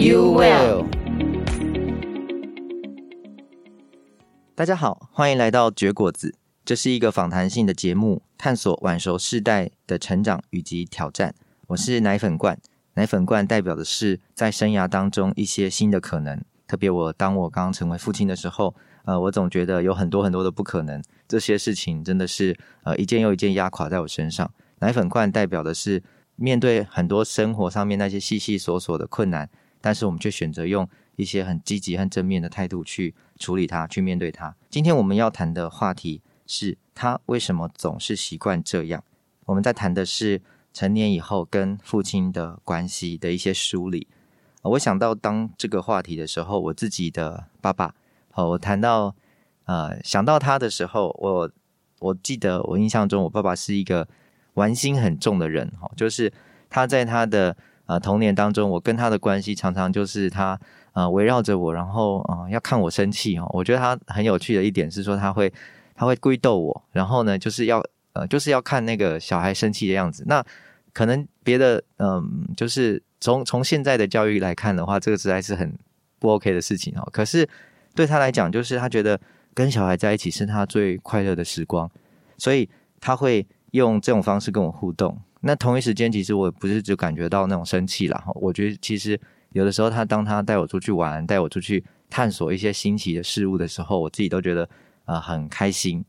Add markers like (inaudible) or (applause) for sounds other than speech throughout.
You will。大家好，歡迎來到絕果子。這是一個訪談性的節目，探索晚熟世代的成長以及挑戰。我是奶粉罐，奶粉罐代表的是在生涯當中一些新的可能。特別我當我剛剛成為父親的時候，呃，我總覺得有很多很多的不可能，這些事情真的是呃一件又一件壓垮在我身上。奶粉罐代表的是面對很多生活上面那些細細瑣瑣的困難。但是我們卻選擇用一些很積極和正面的態度去處理它，去面對它。今天我們要談的話題是，他為什麼總是習慣這樣？我們在談的是成年以後跟父親的關係的一些梳理。呃，我想到當這個話題的時候，我自己的爸爸。好，哦，我談到呃，想到他的時候，我我記得我印象中我爸爸是一個玩心很重的人，哦。就是他在他的。啊、呃，童年當中，我跟他的關係常常就是他啊、呃、圍繞着我，然後啊、呃、要看我生氣哦。我覺得他很有趣的一點是說他會他會故意逗我，然後呢，就是要呃就是要看那個小孩生氣的樣子。那可能別的嗯、呃，就是從從現在的教育來看的話，這個實在是很不 OK 的事情哦。可是對他來講，就是他覺得跟小孩在一起是他最快樂的時光，所以他會用這種方式跟我互動。那同一時間，其實我也不是只感覺到那種生氣啦。我覺得其實有的時候，他當他帶我出去玩，帶我出去探索一些新奇的事物的時候，我自己都覺得啊、呃、很開心。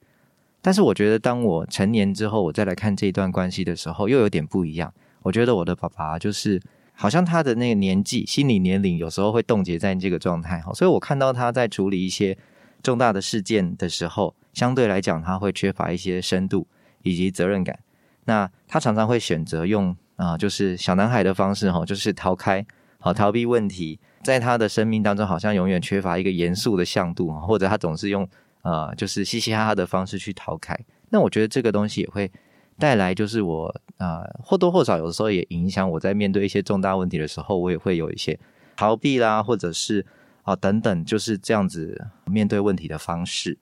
但是我覺得，當我成年之後，我再來看這一段關係的時候，又有點不一樣。我覺得我的爸爸就是好像他的那個年紀、心理年齡有時候會凍結在這個狀態，所以，我看到他在處理一些重大的事件的時候，相對來講，他會缺乏一些深度以及責任感。那他常常會選擇用啊、呃，就是小男孩的方式哈、哦，就是逃開，好逃避問題。在他的生命當中好像永遠缺乏一個嚴肅的向度，或者他總是用啊、呃、就是嘻嘻哈哈的方式去逃開。那我覺得這個東西也會帶來，就是我啊、呃、或多或少有時候也影響我在面對一些重大問題的時候，我也會有一些逃避啦，或者是啊、呃、等等，就是這樣子面對問題的方式。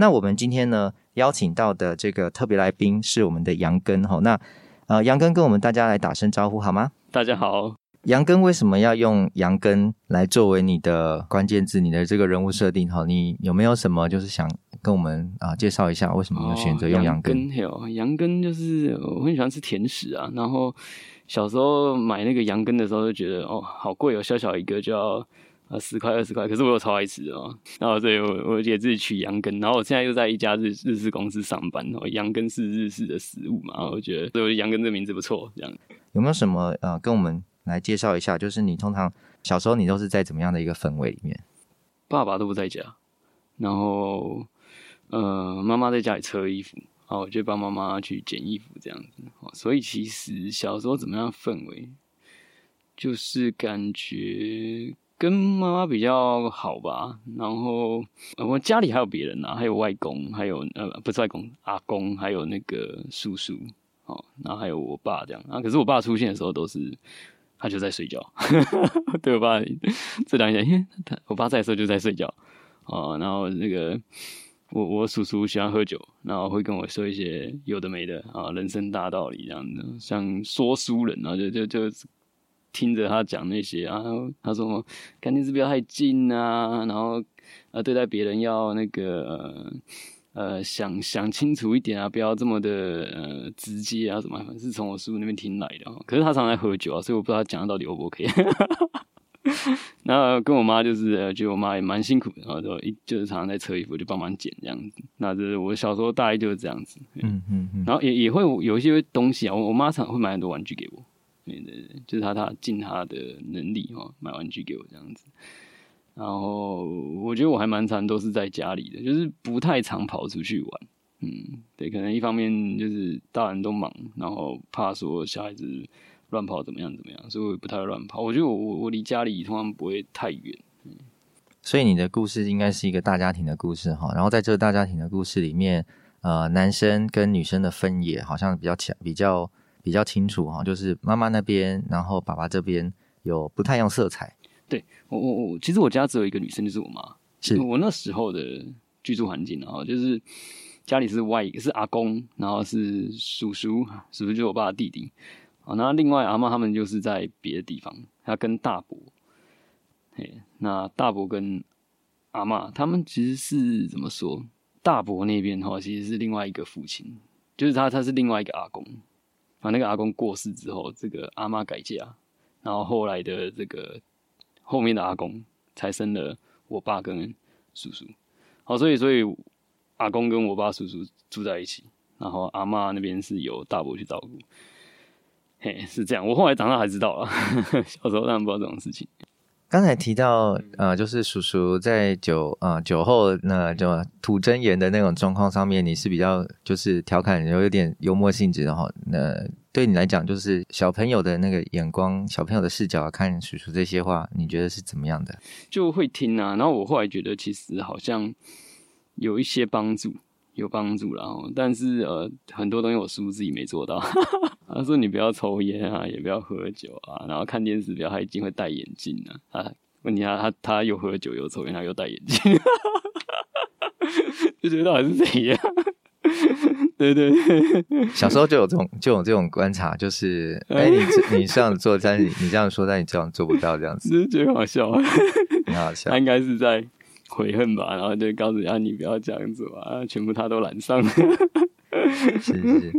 那我們今天呢，邀請到的這個特別來賓是我們的羊羹哈，那呃，羊羹跟我們大家來打聲招呼好嗎？大家好，羊羹。為什麼要用羊羹來作為你的關鍵字，你的這個人物設定哈、嗯？你有沒有什麼就是想跟我們啊介紹一下為什麼選擇用羊羹？有，羊羹就是我很喜歡吃甜食啊，然後小時候買那個羊羹的時候就覺得哦，好貴哦，有小小一個就要。啊，十塊二十塊，可是我又超愛吃哦。然後所以我，我自己取羊羹。然後我現在又在一家日日式公司上班哦。羊羹是日式的食物嘛，我覺得，所以羊羹這名字不錯。這樣有沒有什麼呃，跟我們來介紹一下？就是你通常小時候你都是在怎麼樣的一個氛圍裡面？爸爸都不在家，然後呃，媽媽在家裡車衣服，啊、哦，我就幫媽媽去撿衣服這樣子、哦。所以其實小時候怎麼樣的氛圍，就是感覺。跟媽媽比較好吧，然後我家裡還有別人啊，還有外公，還有呃，不是外公，阿公，還有那個叔叔，哦，然後還有我爸這樣，啊，可是我爸出現的時候都是他就在睡覺， (laughs) 對我爸這講一下，因為他我爸在的時候就在睡覺哦，然後那個我我叔叔喜歡喝酒，然後會跟我說一些有的沒的啊，人生大道理這樣的，像說書人啊，就就就。聽着他講那些啊，他說肯定看電視不要太近啊，然後呃對待別人要那個呃想想清楚一點啊，不要這麼的呃直接啊什麼啊，是從我師傅那邊聽來的，喔。可是他常常喝酒啊，所以我不知道他講的到底 OK 不 OK。然後跟我媽就是，呃，覺得我媽也蠻辛苦然後、啊、就一就是常常在扯衣服，就幫忙撿這樣子。那這是我小時候大概就是這樣子，嗯嗯嗯。 (laughs) 然後也也會有一些東西啊，我我媽常會買很多玩具給我。對對對，就是他，他盡他的能力哈，買玩具給我這樣子。然後我覺得我還蠻常都是在家裡的，就是不太常跑出去玩。嗯，對，可能一方面就是大人都忙，然後怕說小孩子亂跑怎麼樣怎麼樣，所以我也不太亂跑。我覺得我我我離家裡通常不會太遠，嗯。所以你的故事應該是一個大家庭的故事哈。然後在這個大家庭的故事裡面，呃，男生跟女生的分野好像比較強，比較。比較清楚哈，就是媽媽那邊，然後爸爸這邊有不太一樣色彩。對，我我我，其實我家只有一個女生，就是我媽。是。我那時候的居住環境，然後就是家裡是外是阿公，然後是叔叔，叔叔就是我爸的弟弟啊。那另外阿嬤他們就是在別的地方，他跟大伯，嘿，那大伯跟阿嬤他們其實是怎麼說？大伯那邊的話，其實是另外一個父親，就是他他是另外一個阿公。反正那個阿公過世之後，這個阿媽改嫁，然後後來的這個後面的阿公才生了我爸跟叔叔。好，所以所以阿公跟我爸叔叔住在一起，然後阿媽那邊是由大伯去照顧。嘿、hey，是這樣，我後來長大才知道啊， (laughs) 小時候當然不知道這種事情。剛才提到，呃，就是叔叔在酒啊酒後那就吐真言的那種狀況上面，你是比較就是調侃，有點幽默性質的，然後那對你來講，就是小朋友的那個眼光、小朋友的視角看叔叔這些話，你覺得是怎麼樣的？就會聽啊，然後我後來覺得其實好像有一些幫助。有幫助了，喔，但是呃，很多東西我師傅自己沒做到。哈 (laughs) 哈，他說：“你不要抽菸啊，也不要喝酒啊，然後看電視不要太近，會戴眼鏡呢，啊。”啊，問題他他他又喝酒又抽菸，他又戴眼鏡，哈哈哈哈哈，就覺得到底是這樣 (laughs) 對對，對，小時候就有這種就有這種觀察，就是誒、欸，你這你這樣做，但你你這樣說，但你這樣做不到，這樣子，就是，覺得好笑，啊，很好笑，他應該是在。悔恨吧，然後就告訴他，啊，你不要這樣子啊，全部他都攬上了 (laughs) 是。是是，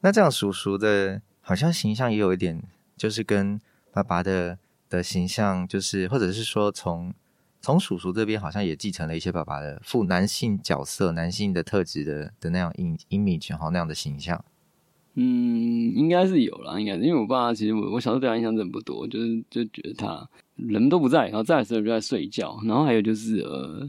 那這樣叔叔的，好像形象也有一點，就是跟爸爸的的形象，就是或者是說從從叔叔這邊，好像也繼承了一些爸爸的父男性角色、男性的特質的的那樣影 image，哈，那樣的形象。嗯，應該是有啦，應該是因為我爸，其實我我小時候對他印象真不多，就是就覺得他人都不在，然後在的時候就在睡覺，然後還有就是呃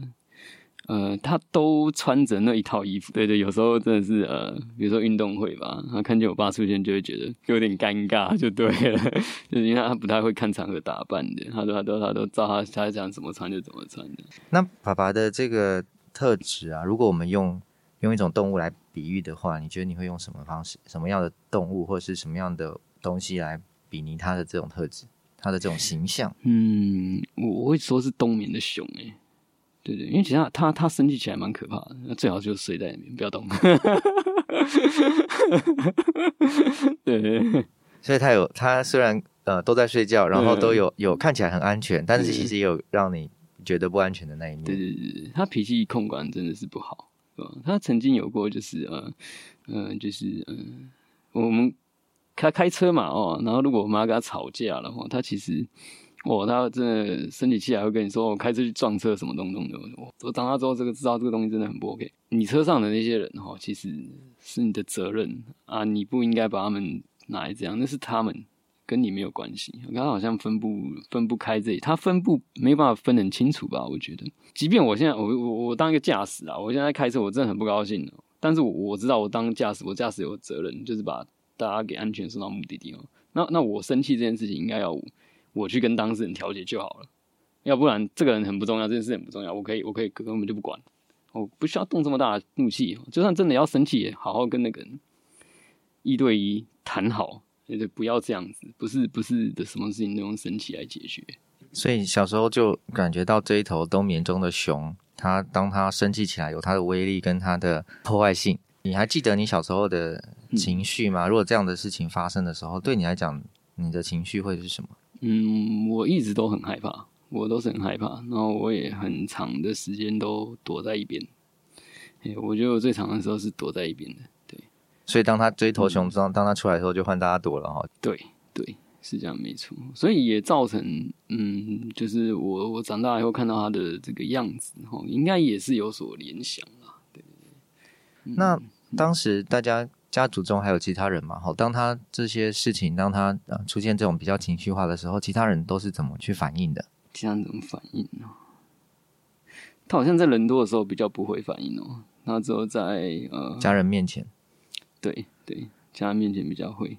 呃，他都穿着那一套衣服，對對，有時候真的是呃，比如說運動會吧，他看見我爸出現就會覺得有點尷尬，就對了， (laughs) 就是因為他不太會看場合打扮的，他都他都他都照他他想怎麼穿就怎麼穿的。那爸爸的這個特質啊，如果我們用用一種動物來比喻的話，你覺得你會用什麼方式、什麼樣的動物或者是什麼樣的東西來比擬它的這種特質、它的這種形象？嗯，我我會說是冬眠的熊誒、欸，對，對對，因為其實它它，它生氣起來蠻可怕的，那最好就是睡在裡面，不要動。 (laughs) (laughs) 對對，所以它有它雖然呃都在睡覺，然後都有、嗯、有看起來很安全，但是其實也有讓你覺得不安全的那一面。對對對，它脾氣控管真的是不好。他曾經有過、就是呃呃，就是呃，嗯，就是嗯，我們他開、開車嘛，哦，然後如果我媽跟他吵架的話，他其實，哦，他真的生理期還會跟你說，我開車去撞車什麼東東的。我長大之後，這個知道這個東西真的很不 OK，你車上的那些人哈，哦，其實是你的責任啊，你不應該把他們拿來這樣，那是他們。跟你沒有關係，跟他好像分不分不開這裡，這他分不沒有辦法分得很清楚吧？我覺得，即便我現在我我我當一個駕駛啊，我現在在開車，我真的很不高興喔，但是我我知道我當駕駛，我駕駛有責任，就是把大家給安全送到目的地喔。那那我生氣這件事情應該要我去跟當事人調解就好了，要不然這個人很不重要，這件事很不重要，我可以我可以根本就不管，我不需要動這麼大的怒氣喔，就算真的要生氣，也好好跟那個人一對一談好。對，不要這樣子，不是不是的，什麼事情都用生氣來解決。所以小時候就感覺到這一頭冬眠中的熊，它當它生氣起來有它的威力跟它的破壞性。你還記得你小時候的情緒嗎？嗯，如果這樣的事情發生的時候，對你來講，你的情緒會是什麼？嗯，我一直都很害怕，我都是很害怕，然後我也很長的時間都躲在一邊，欸，我覺得我最長的時候是躲在一邊的。所以當他追頭熊之後、嗯、當他出來的時候，就換大家躲了哈。對對，是這樣沒錯。所以也造成，嗯，就是我我長大以後看到他的這個樣子，哈，應該也是有所聯想啦。那、嗯、當時大家家族中還有其他人嘛？哈，當他這些事情，當他、呃、出現這種比較情緒化的時候，其他人都是怎麼去反應的？其他人怎麼反應呢？他好像在人多的時候比較不會反應哦、喔。那之後在呃家人面前。對對，家面前比較會。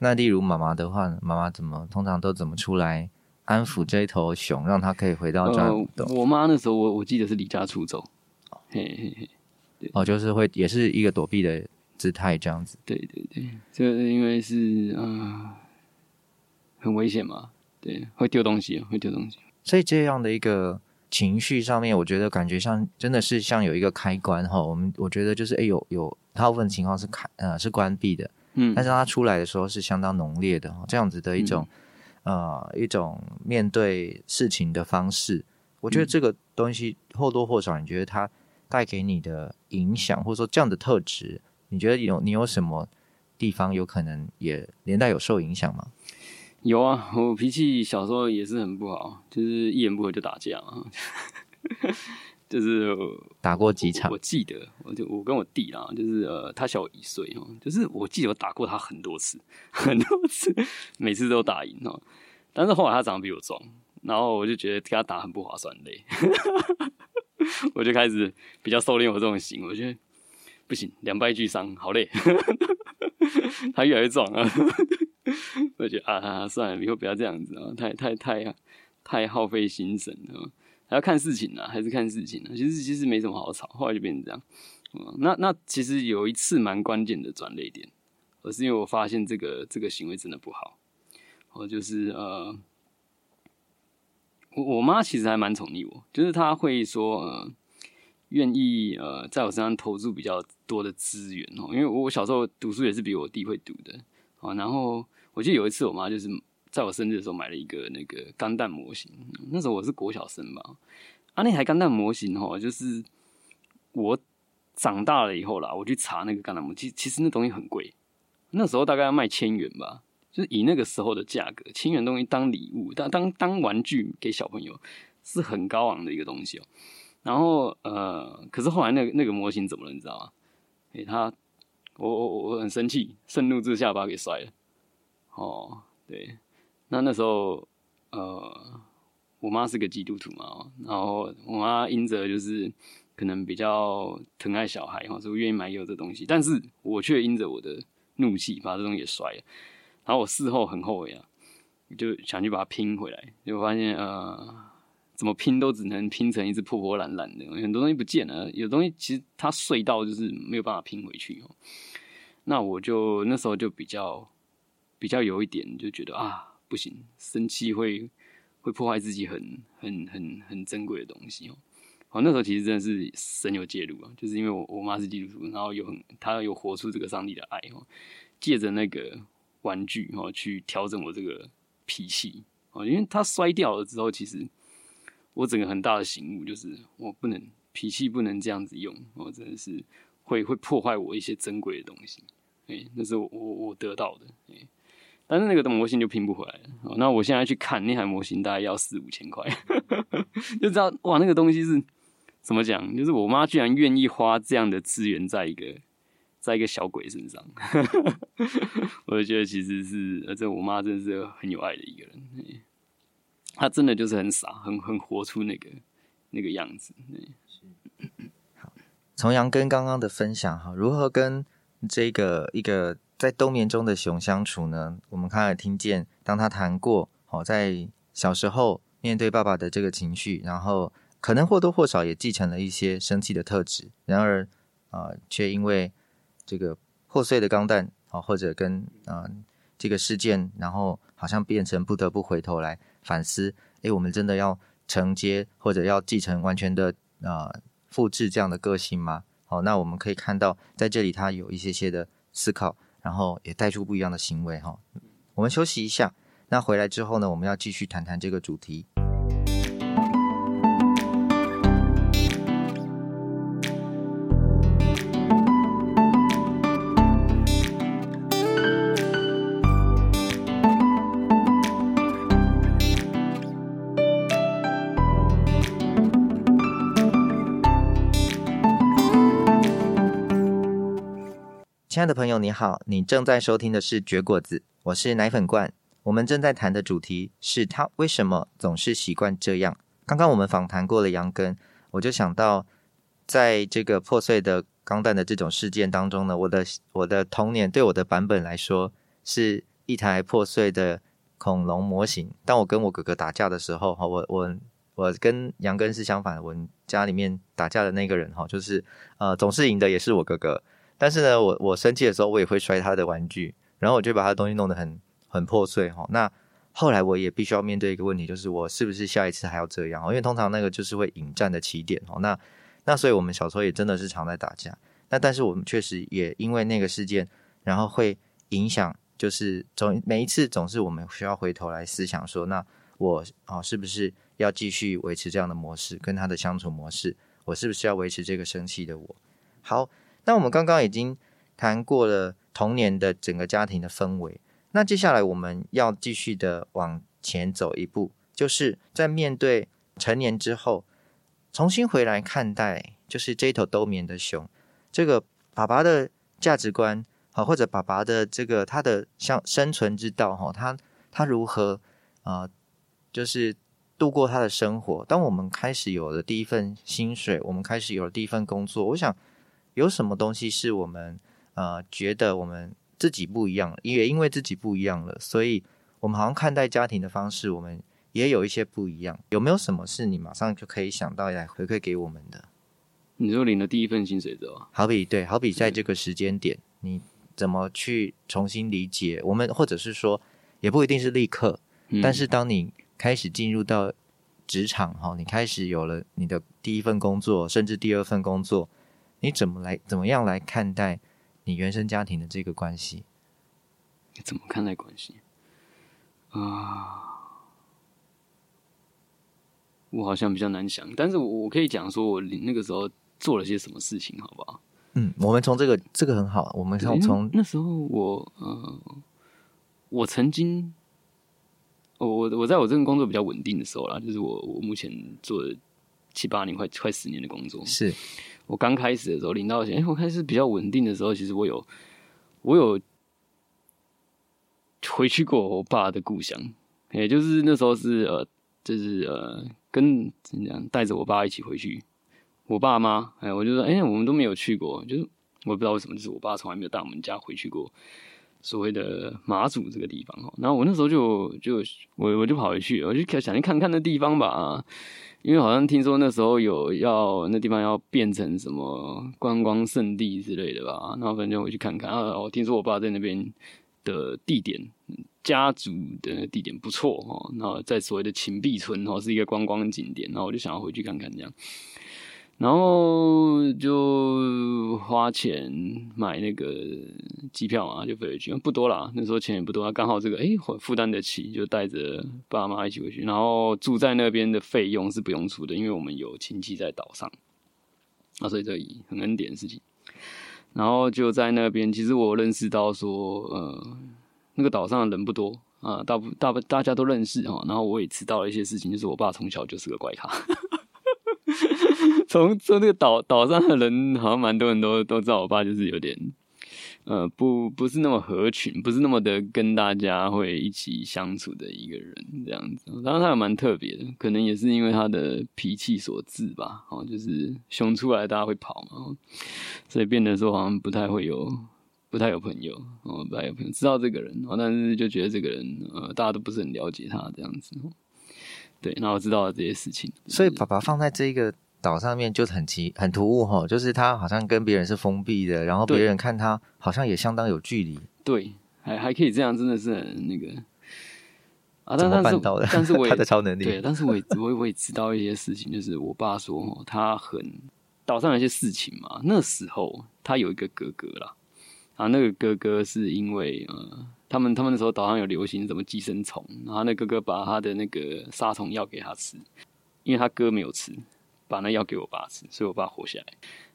那例如媽媽的話呢，媽媽怎麼通常都怎麼出來安撫這頭熊、嗯，讓他可以回到家、呃、我媽那時候我，我我記得是離家出走、哦。嘿嘿嘿，哦，就是會也是一個躲避的姿態，這樣子。對對對，就是因為是啊、呃，很危險嘛。對，會丟東西，會丟東西。所以這樣的一個情緒上面，我覺得感覺像真的是像有一個開關哈。我們我覺得就是哎有、欸、有。有大部分情況是開，呃，是關閉的，嗯，但是它出來的時候是相當濃烈的，這樣子的一種、嗯、呃一種面對事情的方式，我覺得這個東西或多或少、嗯，你覺得它帶給你的影響，或者說這樣的特質，你覺得你有你有什麼地方有可能也連帶有受影響嗎？有啊，我脾氣小時候也是很不好，就是一言不合就打架啊。 (laughs) 就是打過幾場我，我記得，我就我跟我弟啊，就是呃，他小我一歲哦、喔，就是我記得我打過他很多次，很多次，每次都打贏哦、喔。但是後來他長得比我壯，然後我就覺得跟他打很不划算，嘞。 (laughs) 我就開始比較收斂我這種型，我覺得不行，兩敗俱傷，好累。 (laughs) 他越來越壯啊， (laughs) 我覺得啊，啊，算了，以後不要這樣子啊、喔，太太太太耗費心神啊、喔。還要看事情呢、啊，還是看事情呢、啊？其實其實沒什麼好吵，後來就變成這樣。嗯，那那其實有一次蠻關鍵的轉捩點，而是因為我發現這個這個行為真的不好。我、嗯、就是呃，我我媽其實還蠻寵溺我，就是她會說呃願意呃，在我身上投注比較多的資源哦。因為我我小時候讀書也是比我弟會讀的啊、嗯，然後我記得有一次，我媽就是。在我生日的時候買了一個那個鋼彈模型，那時候我是國小生吧，啊，那台鋼彈模型吼，就是我長大了以後啦，我去查那個鋼彈模型，其實其實那東西很貴，那時候大概要賣千元吧，就是以那個時候的價格，千元東西當禮物，當當當玩具給小朋友，是很高昂的一個東西哦、喔。然後呃，可是後來那個那個模型怎麼了？你知道嗎？給、欸、他，我我我很生氣，盛怒之下把它給摔了。哦，對。那那時候，呃，我媽是個基督徒嘛，然後我媽因着就是可能比較疼愛小孩哈，所以願意買有這東西，但是我卻因着我的怒氣把這東西摔了，然後我事後很後悔啊，就想去把它拼回來，就發現呃，怎麼拼都只能拼成一只破破爛爛的，很多東西不見了，有東西其實它碎到就是沒有辦法拼回去哦。那我就那時候就比較比較有一點就覺得啊。不行，生氣會會破壞自己很很很很珍貴的東西哦。那時候其實真的是神有介入啊，就是因為我我媽是基督徒，然後有很她有活出這個上帝的愛哦，借着那個玩具哦，去調整我這個脾氣哦，因為她摔掉了之後，其實我整個很大的醒悟就是我不能，脾氣不能這樣子用我，喔，真的是會會破壞我一些珍貴的東西。哎，那是我我我得到的哎。但是那個的模型就拼不回來了。那我現在去看那台模型，大概要四五千塊， (laughs) 就知道哇，那個東西是怎麼講？就是我媽居然願意花這樣的資源在一個，在一個小鬼身上， (laughs) 我就覺得其實是，而且我媽真的是很有愛的一個人。她真的就是很傻，很很活出那個那個樣子。好，羊羹跟剛剛的分享哈，如何跟這個一個。在冬眠中的熊相處呢？我們剛才聽見，當他談過，好、哦、在小時候面對爸爸的這個情緒，然後可能或多或少也繼承了一些生氣的特質。然而，啊、呃，卻因為這個破碎的鋼蛋啊、哦，或者跟啊、呃、這個事件，然後好像變成不得不回頭來反思：誒，我們真的要承接或者要繼承完全的啊、呃、複製這樣的個性嗎？好、哦，那我們可以看到，在這裡他有一些些的思考。然後也帶出不一樣的行為哈，我們休息一下。那回來之後呢，我們要繼續談談這個主題。親愛的朋友，你好，你正在收聽的是《絕果子》，我是奶粉罐。我們正在談的主題是他為什麼總是習慣這樣。剛剛我們訪談過了羊羹，我就想到，在這個破碎的鋼彈的這種事件當中呢，我的我的童年對我的版本來說是一台破碎的恐龍模型。當我跟我哥哥打架的時候，哈，我我我跟羊羹是相反的，我家裡面打架的那個人哈，就是呃，總是贏的也是我哥哥。但是呢，我我生氣的時候，我也會摔他的玩具，然後我就把他東西弄得很很破碎哈，哦。那後來我也必須要面對一個問題，就是我是不是下一次還要這樣？哦，因為通常那個就是會引戰的起點哦。那那所以我們小時候也真的是常在打架。那但是我們確實也因為那個事件，然後會影響，就是總每一次總是我們需要回頭來思想說，那我啊是不是要繼續維持這樣的模式跟他的相處模式？我是不是要維持這個生氣的我？好。那我們剛剛已經談過了童年的整個家庭的氛圍。那接下來我們要繼續的往前走一步，就是在面對成年之後，重新回來看待，就是這頭冬眠的熊，這個爸爸的價值觀啊，或者爸爸的這個他的像生存之道哈，他他如何啊，呃，就是度過他的生活。當我們開始有了第一份薪水，我們開始有了第一份工作，我想。有什麼東西是我們呃覺得我們自己不一樣，也因為自己不一樣了，所以我們好像看待家庭的方式，我們也有一些不一樣。有沒有什麼事你馬上就可以想到來回饋給我們的？你就領了第一份薪水，對吧？好比對，好比在這個時間點，你怎麼去重新理解我們，或者是說也不一定是立刻，嗯、但是當你開始進入到職場齁，你開始有了你的第一份工作，甚至第二份工作。你怎麼來？怎麼樣來看待你原生家庭的這個關係？你怎麼看待關係？啊，uh，我好像比較難想，但是我我可以講說，我那個時候做了些什麼事情，好不好？嗯，我們從這個這個很好，我們從從那，那時候我嗯，uh, 我曾經，我我我在我這個工作比較穩定的時候啦，就是我我目前做的。七八年快，快快十年的工作，是我剛開始的時候領到錢，欸。我開始比較穩定的時候，其實我有，我有回去過我爸的故鄉，也，欸、就是那時候是呃，就是呃，跟，怎麼講，帶着我爸一起回去。我爸媽，哎，欸，我就說，哎，欸，我們都沒有去過，就是我也不知道為什麼，就是我爸從來沒有帶我們家回去過。所謂的馬祖這個地方哈，然後我那時候就就我我就跑回去，我就想去看看那地方吧，因為好像聽說那時候有要那地方要變成什麼觀光勝地之類的吧，然後反正就回去看看啊。我聽說我爸在那邊的地點，家族的地點不錯哦，然後在所謂的芹壁村哈，是一個觀光景點，然後我就想要回去看看這樣。然後就花錢買那個機票啊，就飛回去，不多啦，那時候錢也不多啊，剛好這個哎，負擔得起，就帶着爸媽一起回去。然後住在那邊的費用是不用出的，因為我們有親戚在島上，啊，所以這很恩典的事情。然後就在那邊，其實我認識到說，呃，那個島上的人不多啊，大部大部大，大家都認識哈。然後我也知道了一些事情，就是我爸從小就是個怪咖。 (laughs) 從從那個島島上的人，好像蠻多人都都知道，我爸就是有點，呃，不不是那麼合群，不是那麼的跟大家會一起相處的一個人這樣子。然後他也蠻特別的，可能也是因為他的脾氣所致吧。然後、哦、就是兇出來，大家會跑嘛，所以變得說好像不太會有不太有朋友，哦、不太有朋友知道這個人，哦，但是就覺得這個人，呃，大家都不是很了解他這樣子。對，那我知道了這些事情，就是，所以爸爸放在這個。島上面就很奇、很突兀齁，就是他好像跟別人是封閉的，然後別人看他好像也相當有距離。對，還還可以這樣，真的是很那個啊。但是但是，但是我也他的超能力。對，但是我我我也知道一些事情，就是我爸說他很島上有些事情嘛。那時候他有一個哥哥啦。啊，那個哥哥是因為嗯、呃，他們他們那時候島上有流行什麼寄生蟲，然後那哥哥把他的那個殺蟲藥給他吃，因為他哥沒有吃。把那藥給我爸吃，所以我爸活下來，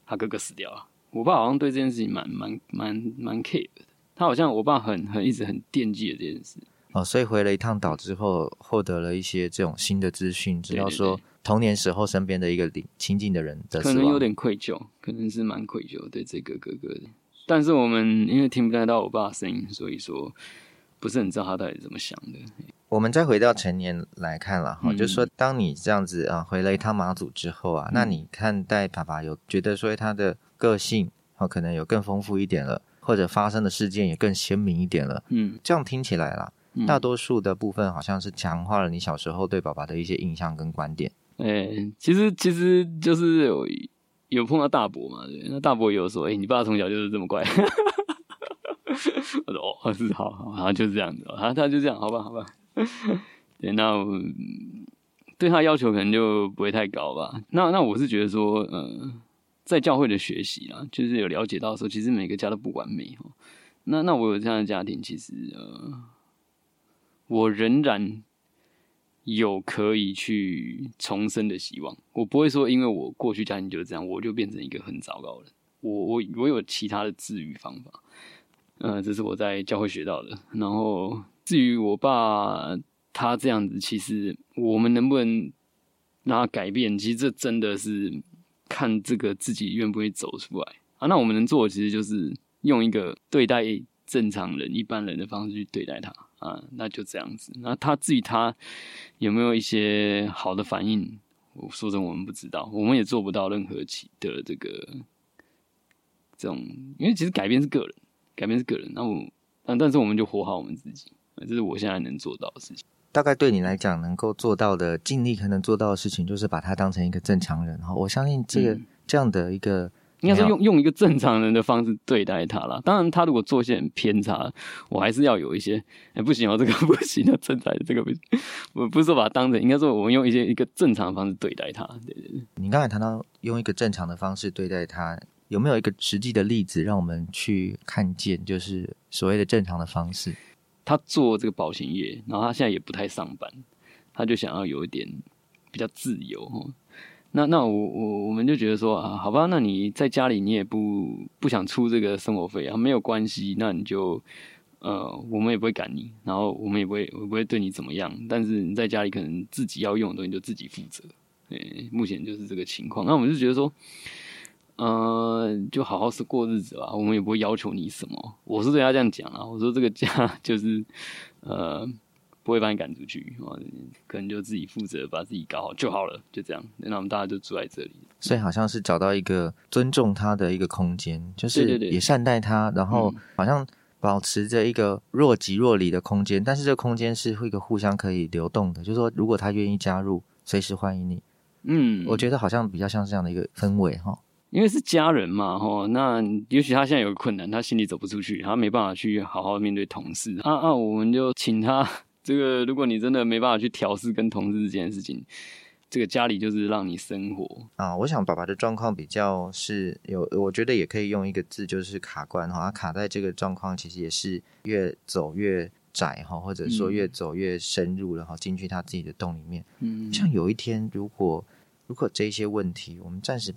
他哥哥死掉了。我爸好像對這件事情蠻蠻蠻蠻 care 的，他好像我爸很很一直很惦記着這件事哦。所以回了一趟島之後，獲得了一些這種新的資訊，知道說童年時候身邊的一個親近的人的對對對，可能有點愧疚，可能是蠻愧疚對這個哥、哥哥的。但是我們因為聽不太到我爸聲音，所以說。不是很知道他到底怎麼想的。欸、我們再回到成年來看了哈、嗯，就是、說當你這樣子啊、呃、回了一趟馬祖之後啊，嗯、那你看待爸爸有覺得說他的個性好、呃，可能有更豐富一點了，或者發生的事件也更鮮明一點了。嗯，這樣聽起來啦，嗯、大多數的部分好像是強化了你小時候對爸爸的一些印象跟觀點。哎、欸，其實其實就是有有碰到大伯嘛，對，那大伯也有說，誒、欸，你爸從小就是這麼乖。 (laughs) 我 (laughs) 說哦，是好，好，他就這樣子，哦、他他就這樣，好吧，好吧。對，那我對他要求可能就不會太高吧。那那我是覺得說，嗯、呃，在教會的學習啦，就是有了解到說，其實每個家都不完美哦、喔。那那我有這樣的家庭，其實呃，我仍然有可以去重生的希望。我不會說，因為我過去家庭就是這樣，我就變成一個很糟糕的人。我我我有其他的治癒方法。嗯，這是我在教會學到的。然後，至於我爸他這樣子，其實我們能不能讓他改變，其實這真的是看這個自己願不願意走出來啊。那我們能做的其實就是用一個對待正常人、一般人的方式去對待他啊。那就這樣子。那他至於他有沒有一些好的反應，我說真，我們不知道，我們也做不到任何其的這個這種，因為其實改變是個人。改變是個人，那我，但、啊、但是我們就活好我們自己，這是我現在能做到的事情。大概對你來講，能夠做到的、盡力可能做到的事情，就是把他當成一個正常人。哈，我相信這個、嗯、這樣的一個，應該說用用一個正常人的方式對待他啦。當然，他如果做些很偏差，我還是要有一些哎、欸、不行、啊，這個不行、啊，正常這個不行。我不是說把他當成，應該說我們用一些一個正常的方式對待他。對對對。你剛才談到用一個正常的方式對待他。有沒有一個實際的例子，讓我們去看見，就是所謂的正常的方式？他做這個保險業，然後他現在也不太上班，他就想要有一點比較自由。齁，那那我我我們就覺得說啊，好吧，那你在家裡你也不不想出這個生活費啊，沒有關係，那你就呃，我們也不會趕你，然後我們也不會我不會對你怎麼樣，但是你在家裡可能自己要用的東西就自己負責。對，目前就是這個情況，那我們就覺得說。呃，就好好是過日子吧。我們也不會要求你什麼。我是對他這樣講啊，我說，這個家就是，呃，不會把你趕出去，可能就自己負責把自己搞好就好了，就這樣。那我們大家就住在這裡，所以好像是找到一個尊重他的一個空間，就是也善待他。對對對，然後好像保持着一個若即若離的空間，嗯。但是這個空間是會一個互相可以流動的，就是說如果他願意加入，隨時歡迎你。嗯，我覺得好像比較像這樣的一個氛圍哈。因為是家人嘛，吼，那也許他現在有個困難，他心裡走不出去，他沒辦法去好好面對同事啊啊！我們就請他這個，如果你真的沒辦法去調適跟同事這件事情，這個家裡就是讓你生活啊。我想爸爸的狀況比較是有，我覺得也可以用一個字，就是卡關哈。他卡在這個狀況，其實也是越走越窄哈，或者說越走越深入，然後進去他自己的洞裡面。嗯，像有一天如，如果如果這些問題，我們暫時。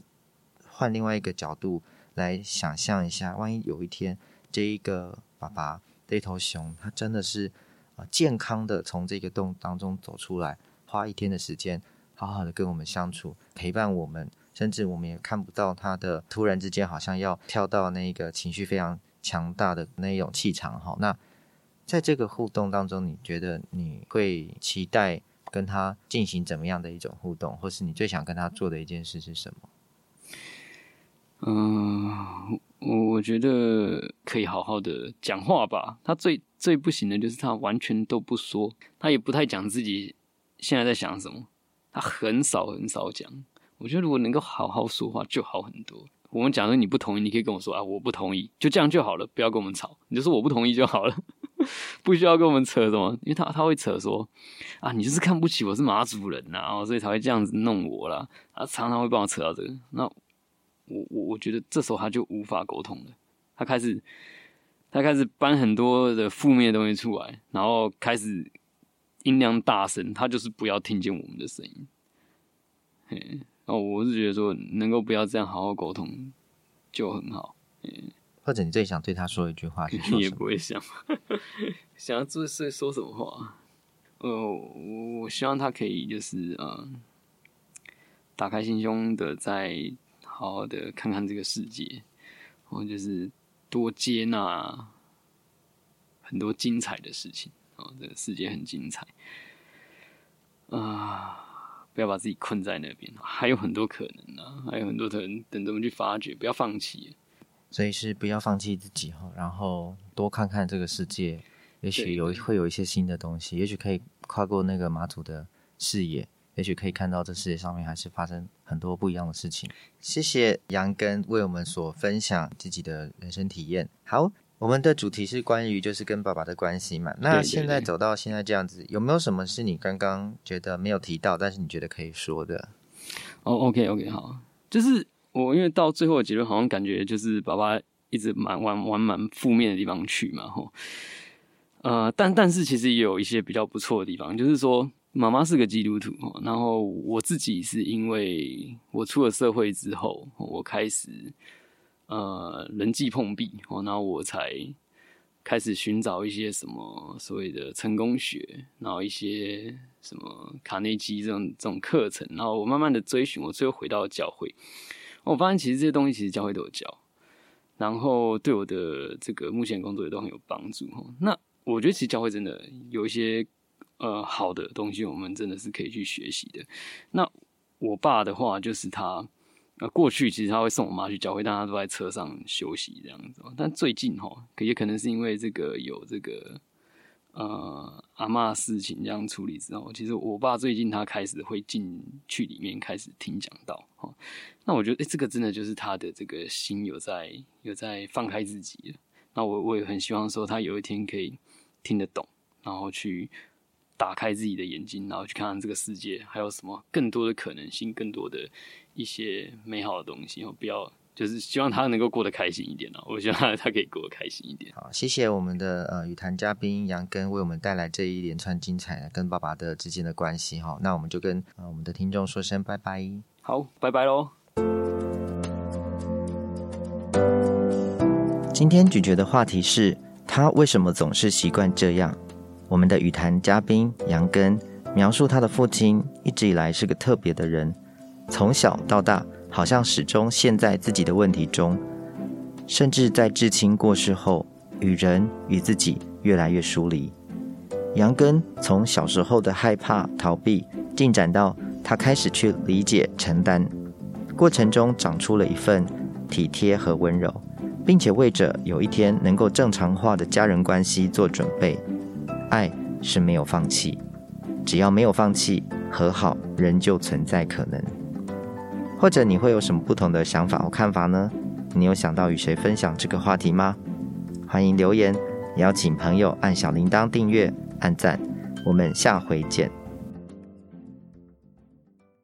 換另外一個角度來想象一下，萬一有一天這一個爸爸、這頭熊，它真的是啊健康的從這個洞當中走出來，花一天的時間好好的跟我們相處，陪伴我們，甚至我們也看不到它的突然之間好像要跳到那個情緒非常強大的那一種氣場哈。那在這個互動當中，你覺得你會期待跟他進行怎麼樣的一種互動，或是你最想跟他做的一件事是什麼？嗯，我覺得可以好好的講話吧。他最最不行的就是他完全都不說，他也不太講自己現在在想什麼，他很少很少講。我覺得如果能夠好好說話就好很多。我們，假如你不同意，你可以跟我說啊，我不同意，就這樣就好了，不要跟我們吵，你就說我不同意就好了， (laughs) 不需要跟我們扯什麼。因為他他會扯說啊，你就是看不起我是馬祖人，啊，然後所以才會這樣子弄我啦。他常常會幫我扯到這個，那。我我我覺得這時候他就無法溝通了，他開始他開始搬很多的負面的東西出來，然後開始音量大聲，他就是不要聽見我們的聲音。嗯，哦，我是覺得說能夠不要這樣，好好溝通就很好。嗯，或者你最想對他說一句話？你也不會想，呵呵想要做是說什麼話？呃我，我希望他可以就是嗯、呃、打開心胸的在。好好的看看這個世界，或就是多接納很多精彩的事情哦。這個世界很精彩啊、呃！不要把自己困在那邊，還有很多可能呢、啊，還有很多人等著我們去發掘。不要放棄，所以是不要放棄自己哈。然後多看看這個世界，也許有會有一些新的東西，也許可以跨過那個馬祖的視野。也許可以看到這世界上面還是發生很多不一樣的事情。謝謝羊羹為我們所分享自己的人生體驗。好，我們的主題是關於就是跟爸爸的關係嘛。那現在走到現在這樣子，有沒有什麼是你剛剛覺得沒有提到，但是你覺得可以說的？哦、oh，OK，OK，okay, okay, 好，就是我因為到最後的結論，好像感覺就是爸爸一直蠻蠻蠻蠻負面的地方去嘛。哦，呃，但但是其實也有一些比較不錯的地方，就是說。媽媽是個基督徒，然後我自己是因為我出了社會之後，我開始呃人際碰壁，然後我才開始尋找一些什麼所謂的成功學，然後一些什麼卡內基這種這種課程，然後我慢慢的追尋，我最後回到教會，我發現其實這些東西其實教會都有教，然後對我的這個目前工作也都很有幫助。那我覺得其實教會真的有一些。呃，好的東西，我們真的是可以去學習的。那我爸的話，就是他呃過去其實他會送我媽去教會，大家都在車上休息這樣子。但最近哈，可也可能是因為這個有這個呃阿嬤事情，這樣處理之後，其實我爸最近他開始會進去裡面開始聽講道。哈，那我覺得、欸、這個真的就是他的這個心有在有在放開自己了。那我我也很希望說，他有一天可以聽得懂，然後去。打開自己的眼睛，然後去看看這個世界，還有什麼更多的可能性，更多的一些美好的東西。我不要，就是希望他能夠過得開心一點呢。我希望他,他可以過得開心一點。好，謝謝我們的呃與談嘉賓羊羹為我們帶來這一連串精彩跟爸爸的之間的關係哈、哦。那我們就跟、呃、我們的聽眾說聲拜拜。好，拜拜嘍。今天咀嚼的話題是他為什麼總是習慣這樣？我們的與談嘉賓羊羹描述他的父親一直以來是個特別的人，從小到大好像始終陷在自己的問題中，甚至在至親過世後，與人與自己越來越疏離。羊羹從小時候的害怕逃避，進展到他開始去理解承擔，過程中長出了一份體貼和溫柔，並且為着有一天能夠正常化的家人關係做準備。愛是沒有放棄，只要沒有放棄，和好仍舊存在可能。或者你會有什麼不同的想法和看法呢？你有想到與誰分享這個話題嗎？歡迎留言，也邀請朋友按小鈴鐺訂閱、按讚。我們下回見。